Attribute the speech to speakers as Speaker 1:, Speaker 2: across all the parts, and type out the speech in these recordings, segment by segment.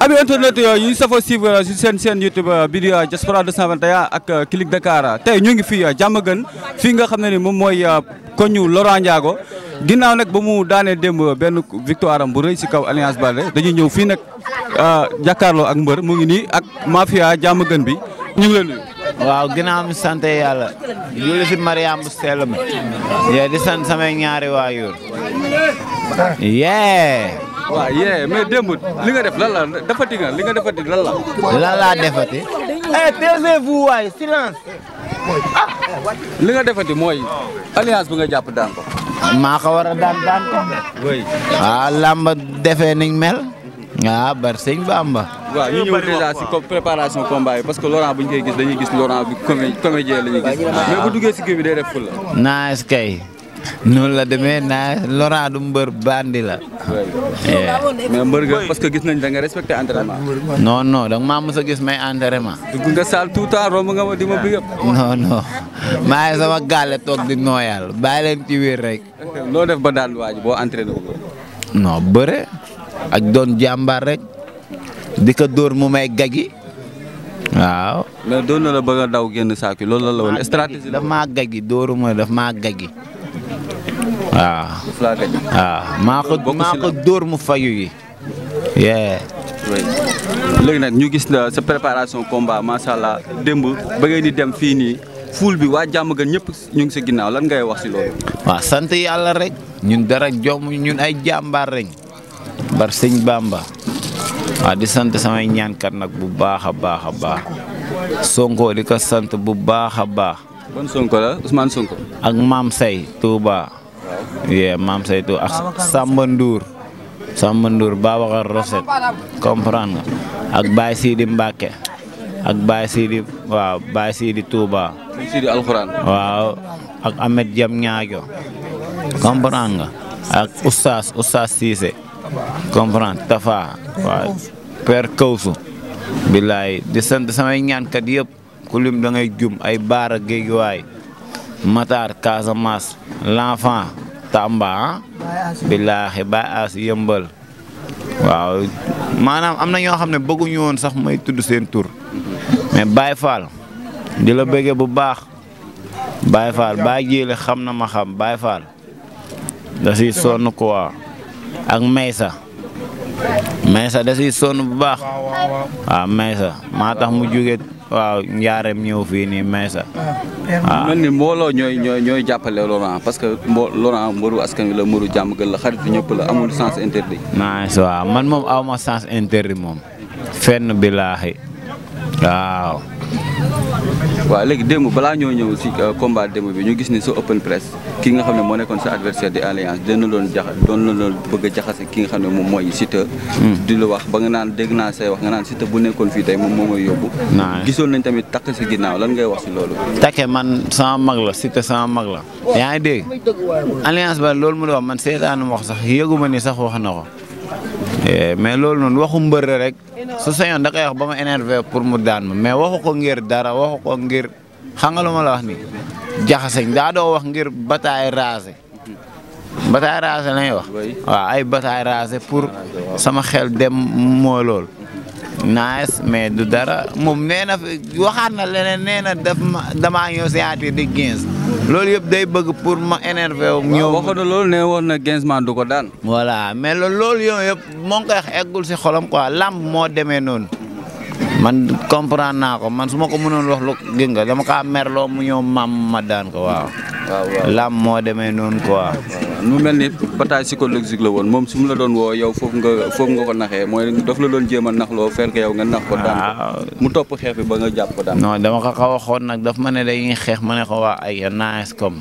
Speaker 1: abi internet yooyu safoo suivre si seen seen YouTube euh, bi di euh, Diaspora 221 ak euh, Click Dakar tey ñu ngi fii jàmm gën fii nga xam ne ni moom mooy koñu Laurent Ndiago ginnaaw nag ba mu daanee démb benn victoire am bu rëy si kaw Alliance Baldé dañuy ñëw fii nag jàkkaarloo ak mbër mu ngi nii ak mafia jàmm gën bi ñu ngi la nuyu. waaw
Speaker 2: ginnaaw mi sant yàlla julli si Mariam bu sell mi di sant samay ñaari
Speaker 1: waayur yee waaw yee mais démb li nga def lan la defati nga li nga defati lan la.
Speaker 2: lan laa defati. eh taisez-vous waay silence.
Speaker 1: ah li nga defati mooy alliance bu nga jàpp daan ko. maa ko war a daan daan ko. oui.
Speaker 2: ah defee niñ mel. ah bar sëñ Bamba.
Speaker 1: ñu ñëw déjà si préparation combat yi parce que Laurent bu ñu koy gis dañuy gis Laurent bi comédien la ñuy gis mais bu duggee si kii bi day def ful la.
Speaker 2: naaj noonu la demee naa Laurent du mbër bandi la.
Speaker 1: mbër nga parce que gis nañ da nga respecté entraînement.
Speaker 2: non non maa mos gis may entraînement. dugg nga saal tout nga ma di ma bi yëpp. non maa ngi sama gàlle toog di nooyal bàyyi leen ci rek. loo
Speaker 1: def ba daan waaj boo entraîné wu
Speaker 2: non bëre ak doon jàmbaar
Speaker 1: rek di ko mu may
Speaker 2: gagi. waaw.
Speaker 1: mais doon na la bëgg a daw génn saako loolu la la woon daf
Speaker 2: maa gagi dóoru ma daf maa waaw.
Speaker 1: waaw maa ko maa ko dóor mu fayu yi. léegi nag ñu gis na sa préparation combat macha allah démb ba ngeen di dem fii nii fuul bi waa jàmm gën ñëpp ñu ngi sa ginnaaw lan ngay wax si loolu. waaw sant yàlla rek
Speaker 2: ñun dara jom ñun ay jàmbaar reñ bar sëñ Bamba waaw di sant samay ñaankat nag bu baax a baax a baax Sonko di ko sant bu baax a baax. ak maam Say Touba. yee maam Saytu ak Samba Ndour Samba Ndour Babacar Roset ak Baye Sidi Mbacke ak Baye Sidi waaw Baye Sidi Touba. waaw ak Ahmed Diam Ñaajo comprendre ak Oustaz Oustaz Cissé comprendre Tafa waaw Père Kawsu di sant samay ñaankat yëpp ku lim da ngay jum ay Baara Géejuwaay Matar Casamance l'enfant Tamba billaahi ba as yëmbal waaw maanaam am na ñoo xam ne bëgguñu woon sax may tudd seen tur mais Baye Fall di la bëggee bu baax Baye Fall Baye Jéele xam na ma xam Baye Fall da si sonn quoi ak Maysa Meesa da siy sonn bu baax. waaw Meesa maa tax mu jóge waaw njaareem ñëw fii nii Meesa. Ah,
Speaker 1: waaw mel ni mbooloo ñooy ñooy ñooy jàppale Laurent parce que mbo Laurent mbëru askan wi la mbëru jàmm gën la xarit ñëpp la amul sens interdit.
Speaker 2: nice waaw man
Speaker 1: moom aw ma sens interdit moom. fenn billaahi waaw. waaw léegi démb balaa ñoo ñëw si euh, combat démb bi ñu gis ni sa open press kii nga xam ne moo nekkoon sa adversaire di alliance dina loon jaxa doon na loon bëgg a jaxase ki nga xam ne moom mooy Siteu hmm. di la wax ba nga naan dégg naa say wax nga naan Siteu bu nekkoon fii tey moom moo may yóbbu gisoon nañ tamit takk si ginnaaw lan ngay wax si loolu
Speaker 2: takke man sama mag la Siteu sama mag la yaa ngi dégg alliance ba loolu mu la wax man seetaanu wax sax yëguma ni sax wax na ko Eh, mais loolu noonu waxu mbër rek su sañoon da koy ba ma énervé pour mu daan ma mais waxu ngir dara waxu ko ngir xam wax ni jaxaseñ daa doo wax ngir bataay raase bataay raase lañuy wax waaw ay bataay raase pour sama xel dem moo lool nice mais du dara moom nee na waxaat na leneen nee na daf ma damaa di 15 loolu yëpp day bëgg pour ma énervé wu. ñëw waxoon na loolu ne woon na Gainsman du ko daan. voilà mais loolu yow yëpp moo eggul si xolam quoi làmb moo demee noonu man comprendre naa ko man su ma ko mënoon wax lu gën nga dama kaa merloo mu ñëw maam ma daan ko waaw. waaw làmb moo demee noonu quoi. nu mel
Speaker 1: ni bataille psychologique la woon moom su mu la doon woo yow foog nga nga ko naxee mooy daf la doon jéem a naxloo fekk yow nga nax ko daan mu topp xeex bi ba nga jàpp ko daan
Speaker 2: non dama ko xaw a xoon nag daf ma ne dañuy xeex ma ne ko waa ay naes comme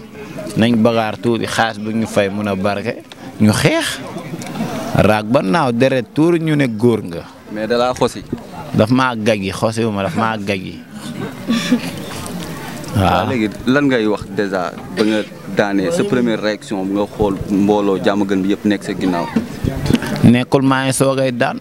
Speaker 2: nañ bagaar tuuti xaas bi ñu fay mun a barke ñu xeex raag ba naaw deret tuur ñu ne góor nga mais
Speaker 1: dalaa xosi dafa ma gaggi xosi wu ma daf maa gaggi waaw léegi lan ngay wax dèjà ba daanee sa première réaction bi nga xool mbooloo jàmm gën bi yëpp nekk sa ginnaaw. nekkul maa ngi soogay daan.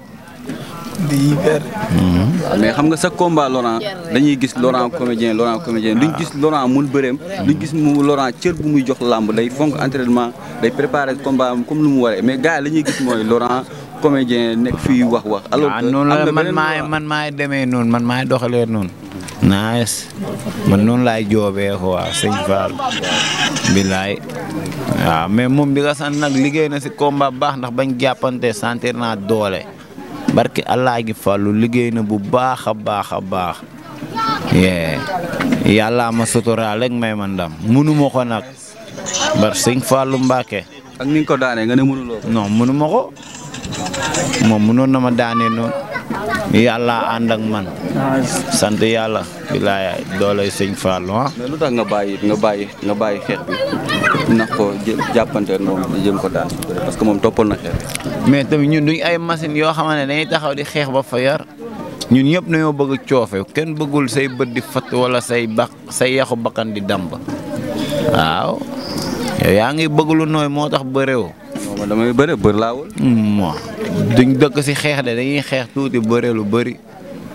Speaker 1: Mm-hmm. mais xam nga sa combat Laurent dañuy gis Laurent comédien Laurent comédien duñ gis Laurent mun bëreem. duñ gis mu Laurent cër bu muy jox làmb day fonk entraînement day préparer combat comme lu mu waree mais gars yi ñuy gis mooy Laurent comédien nekk fii wax wax. Ah, man maay
Speaker 2: deme maay noonu man maay doxalee noonu. nice man noonu laay joobee quoi sëñ Fall. bilaay waaw mais moom di sant nag liggéey na si combat baax ndax bañ jàppante sentir naa doole barki allah gi fàllu liggéey na bu baax a baax a baax yee yàllaa ma suturaal rek may ma ndam munuma ko nag bar sëñ fàllu mbàkke ak ni nga ko daanee nga ne mënuloo ko na ma daanee noonu yàllaa ànd ak sant yàlla. bilaay doole sëñ Fallou
Speaker 1: ah. mais lu tax nga bàyyi xeex bi ndax ko jàppante moom jëm ko daan parce que moom toppoon na xeex
Speaker 2: mais tamit ñun duñ ay machine yoo xamante ne dañuy taxaw di xeex ba fa yar ñun ñëpp nañoo bëgg coofe kenn bëggul say bët di fatt wala say bax say yaxu bakkan di damb waaw yaa ngi bëgg lu nooy moo tax bëreewoo. damay bëre bër laawul. duñ dëkk si xeex de dañuy xeex tuuti bëre lu bëri.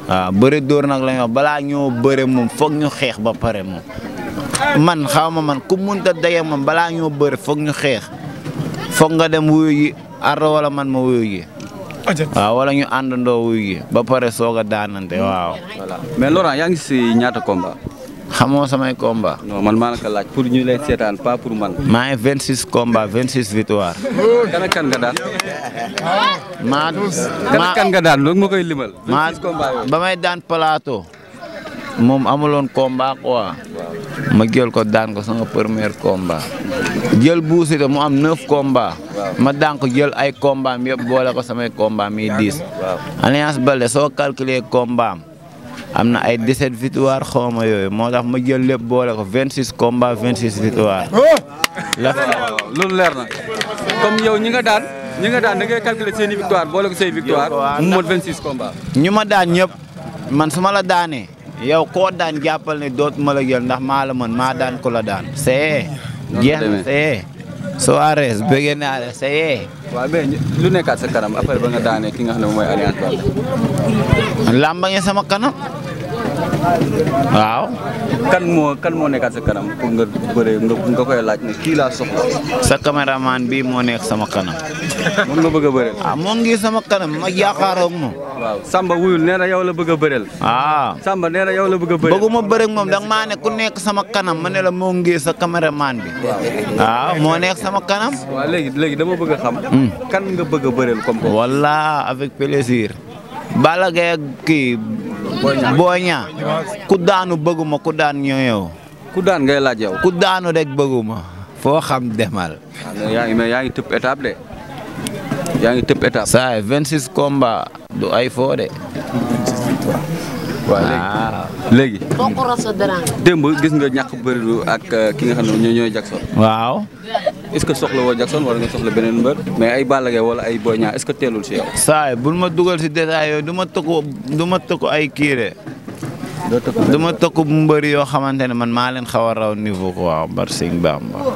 Speaker 2: waaw bëre dóor nag la ñu balaa ñoo bëre moom foog ñu xeex ba pare moom man xaw ma man ku munta daje moom balaa ñoo bëre foog ñu xeex foog nga dem wuyu ji ardo wala man ma wuyu ji wala ñu àndandoo wuyu ji ba pare soog a daanante waaw. mais Laurent yaa ngi ñaata combat. xamoo
Speaker 1: samay combat non man maa la laaj pour ñu lay seetaan pas pour man. maa ngi 26 komba 26 victoire. kan ak kan nga daan. maa kan ak kan nga daan loolu ma koy
Speaker 2: limal. maa ba may daan plateau. moom amuloon combat quoi. ma jël ko daan ko sama premier combat. jël Bou Siteu mu am neuf combats. ma daan ko jël ay combats am yëpp ko samay combats mi diis. Alliance Baldé soo calculer kombaam am na ay 17 victoire xawma yooyu moo tax ma jël lépp boole ko 26 combats 26 victoire.
Speaker 1: la loolu leer na comme yow ñi nga daan ñi daan da ngay calculer seen victoire boole ko say victoire mu
Speaker 2: ñu ma daan ñëpp man su ma la daanee yow koo daan jàppal ne dootuma la jël ndax maa la mën maa daan ko la daan. c'est jeex na c'est Soares bëggee
Speaker 1: naa la sa yee. waaw mais lu nekkaat sa kanam après ba nga daane ki nga xam ne mooy Alliance Baldé. làmbañe sama kanam. waaw. kan moo
Speaker 2: kan moo nekkaat sa kanam pour nga bëree nga koy laaj ne kii laa soxla. sa caméraman bii
Speaker 1: moo nekk sama kanam. moom nga bëgg a bëreel. ah
Speaker 2: ngi sama kanam ma yaakaaroog
Speaker 1: moom. waaw Samba yow la bëgg a bëreel. Ah. Samba nee yow la bëgg a bëreel. bëgguma bëre moom da nga
Speaker 2: maa ne ku nekk sama kanam ma ne la moo ngi sa maan bi. waaw ah, moo nekk sama kanam. waaw léegi léegi dama bëgg a xam. Hmm. kan nga bëgg a bëreel comme. voilà avec plaisir. Balla Gaye ak kii. Boy ku daanu bëgguma ku daan ñëw. ku daan ngay laaj yow. ku daanu rek bëgguma foo xam demal.
Speaker 1: yaa ngi mais yaa ngi tëpp
Speaker 2: de. yaa ngi tëpp étape. saa yi 26 combats du ay foo de.
Speaker 1: léegi. démb gis nga ñàkk bëri ak ki nga xam ne ñooy Jackson. waaw. est-ce que soxla woo Jackson wala nga soxla beneen mbër mais ay Balla Gaye ay Boy Niang est si yow. saay bul ma dugal si détail yooyu du ma
Speaker 2: tëkku ay kiire du ma tëkku mbër yoo xamante ne man maa leen xaw a raw niveau quoi mbar sëñ Bamba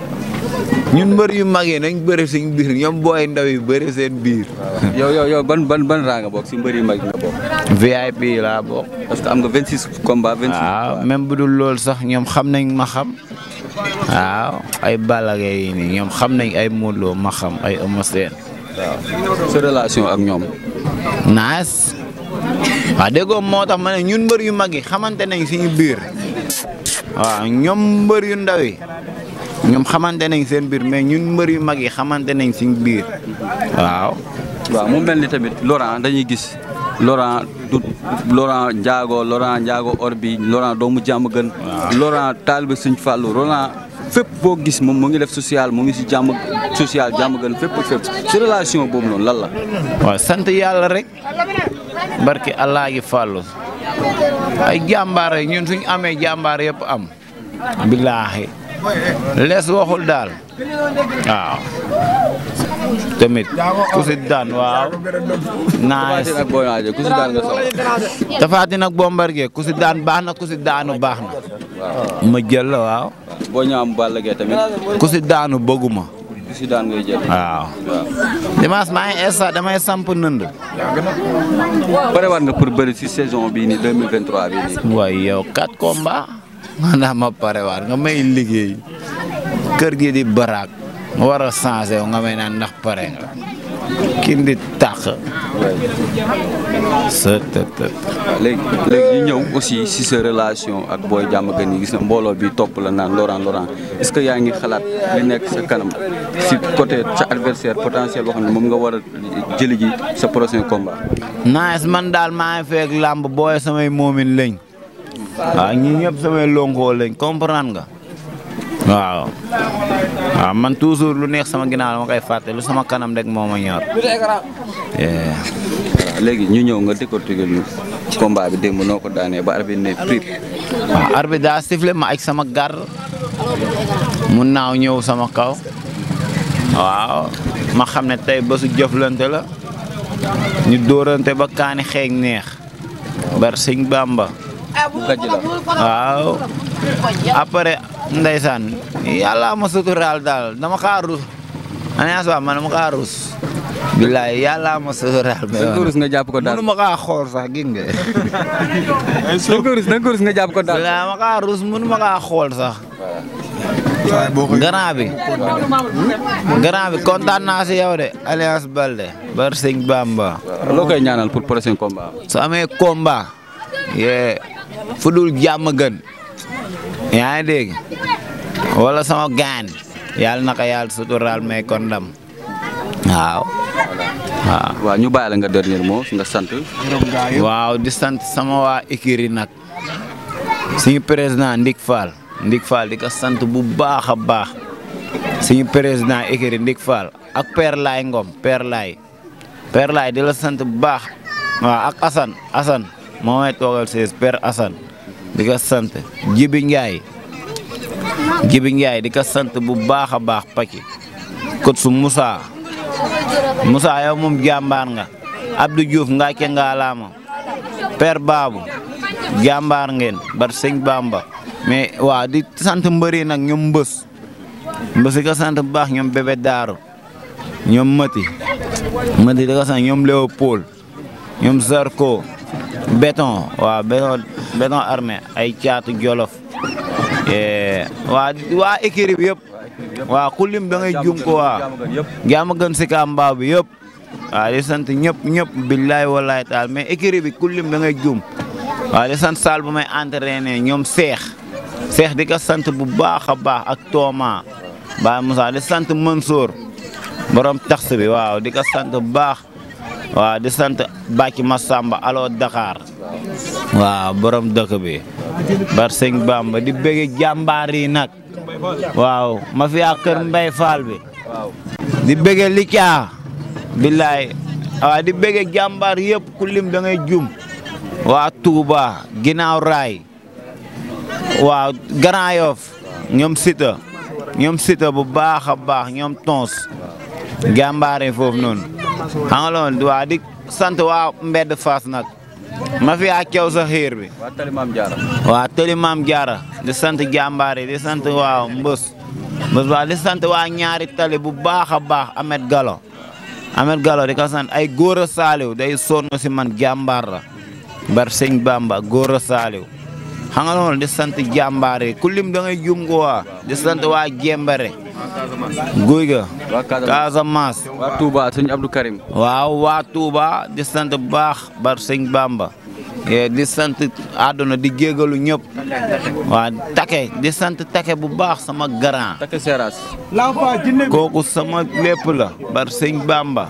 Speaker 2: ñun mbër yu mag yi nañ bëri
Speaker 1: seen biir ñoom booy ndaw yi bëri seen biir. yow yow yow ban ban ban raa nga bokk si mbër yu mag yi nga bokk. VIP laa bokk. parce que am nga 26 combats 26. waaw ah, même bu dul loolu sax ñoom
Speaker 2: xam nañ ma xam. waaw ay Balla Gaye ñoom xam nañ ay Modou Lo ma xam ay Eumeu Sène waaw ak ñoom. naas waaw déggoo moo tax ma ne ñun mbër yu mag yi xamante nañ suñu biir waaw ñoom mbër yu ndaw yi ñoom xamante nañ seen biir mais ñun mbër yu mag yi xamante
Speaker 1: nañ suñu biir waaw. waaw mu mel ni tamit Laurent dañuy gis Laurent. surtout Laurent Ndiago Laurent Ndiago Orbi Laurent doomu jàmm gën Laurent taalibe Sëñ Fallou Laurent fépp boo gis moom mu ngi def social mu ngi si jàmm social jàmm gën fépp fépp si relation boobu noonu lan la sant yàlla rek
Speaker 2: barki allah gi Fallou ay jàmbaar yi ñun suñu amee jàmbaar yëpp am billaahi lees waxul daal waaw
Speaker 1: tamit ku si daan waaw. naaj ku si daan
Speaker 2: daan baax na daanu baax ma jël la waaw. boo am Balla Gaye tamit. ku si daanu bëggu waaw. dimanche maa ngi damay samp pare war nga pour bëri si saison bii nii 2023 waaye yow quatre combats. maanaam ma pare war nga may liggéey. kër gi di baraak. mu war a changé wu nga may
Speaker 1: naan ndax pare nga kin di tàq. sa léegi léegi ñëw aussi si sa relation ak booy Diamaguène yi gis na mbooloo bi topp la naan Laurent Laurent est-ce que yaa ngi xalaat li nekk sa kanam si côté sa adversaire potentiel boo xam ne moom nga war a jëli ji sa prochain combat. nice man daal
Speaker 2: maa ngi fekk làmb booy samay moomin lañ. waaw ñi ñëpp samay lonkoo lañ comprendre nga. waaw waaw man toujours lu neex sama ginnaaw ma koy fàtte lu sama kanam rek moo ma ñor. léegi ñu ñëw nga décortiquer ñu combat bi démb noo ko daanee ba arbitre ne prip. waaw arbitre daa ma ak sama gar mu naaw ñëw sama kaw waaw ma xam ne tey basu jëflante la ñu dóorante ba kaani xeeñ neex bar sëñ Bamba. waaw après. ndeysaan yàlla ma suturaal daal dama xaar ruus anaas waa man dama xaar ruus bilaay yàlla ma suturaal mais waaw jàpp ko daal ma kaa xool sax gis nga. ruus nga jàpp ko daal. bilaay ma ruus mënu ma kaa xool sax. grand bi grand bi kontaan naa si de Alliance Baldé bar sëñ Bamba loo koy ñaanal pour prochain combat su amee combat yee fu dul gën yaa ngi wala sama gaan yàlla na ko yàlla suturaal may ko waaw. ñu bàyyi la nga dernier mot nga sant. waaw di sant sama waa écurie nag suñu président Ndik Fall Ndik Fall di sant bu baax a baax suñu président écurie Ndik Fall ak Père Laay Ngom Père Laay Père Laay di sant bu baax waaw ak Assane Assane moo may toogal sees Père Assane di ko sant Jibi Njaay Jibi Njaay di ka sant bu baax a baax paki kot su Moussa Moussa yow moom jàmbaar nga Abdou Diouf ngaa ke ngaa laama Père Babu jàmbaar ngeen bar sëñ Bamba mais waa di sant mbëri nag ñoom mbës mbës di ko sant bu baax ñoom bébé daaru ñoom Mati Mati di ko sant ñoom Léopold ñoom Zarko béton waaw ay caatu jolof eh, waa waa écurie bi yëpp waaw jum ko waa jaama gën si ka mbaaw bi di sant ñëpp ñëpp billaay walaay taal mais écurie bi ku da ngay jum waaw di sant saal bu may entraîné ñoom seex seex di ka sant bu baax a baax ak tooma ba Moussa di sant Mansour borom tax bi waaw di ko sant bu baax waaw di sant Bàcci Massamba aloo Dakar waa borom dëkk bi bar Bamba di bëgg jàmbaar yi nag waaw ma fi kër Mbay Fall bi di bëgg Lica billaay waaw di bëgg jàmbaar yëpp ku lim da ngay jum waa Touba ginnaaw raay waaw Grand Yoff sita ñoom sita bu baaxa baax ñoom tons jàmbaar foofu noonu xam nga waa di sant waa mbedd Fass nag ma fi ak yow sa xiir bi. waa Tëli Maam Jaara. di sant jàmbaar yi di sant waa Mbës Mbës waa di sant waa ñaari tali bu baax a baax Ahmed Gallo Ahmed galo di ko sant ay góor a saaliw day sonn si man jàmbaar la bar sëñ Bamba góor a saaliw xam di sant jàmbaar yi ku lim da jum ko waa di sant waa Jembare. guy ga Casamance waa Touba sëñ Abdou Karim waaw waa tuuba di sant bu baax bar sëñ Bamba eh, di sant àdduna di géegalu ñëpp waa take di sant take bu baax sama grand kooku sama lépp la bar sëñ Bamba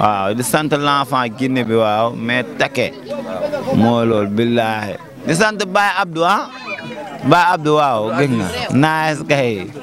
Speaker 2: waaw di sant a Guinée bi waaw mais take moo billaahi di sant Baye Abdou ah Baye Abdou waaw gis nga naes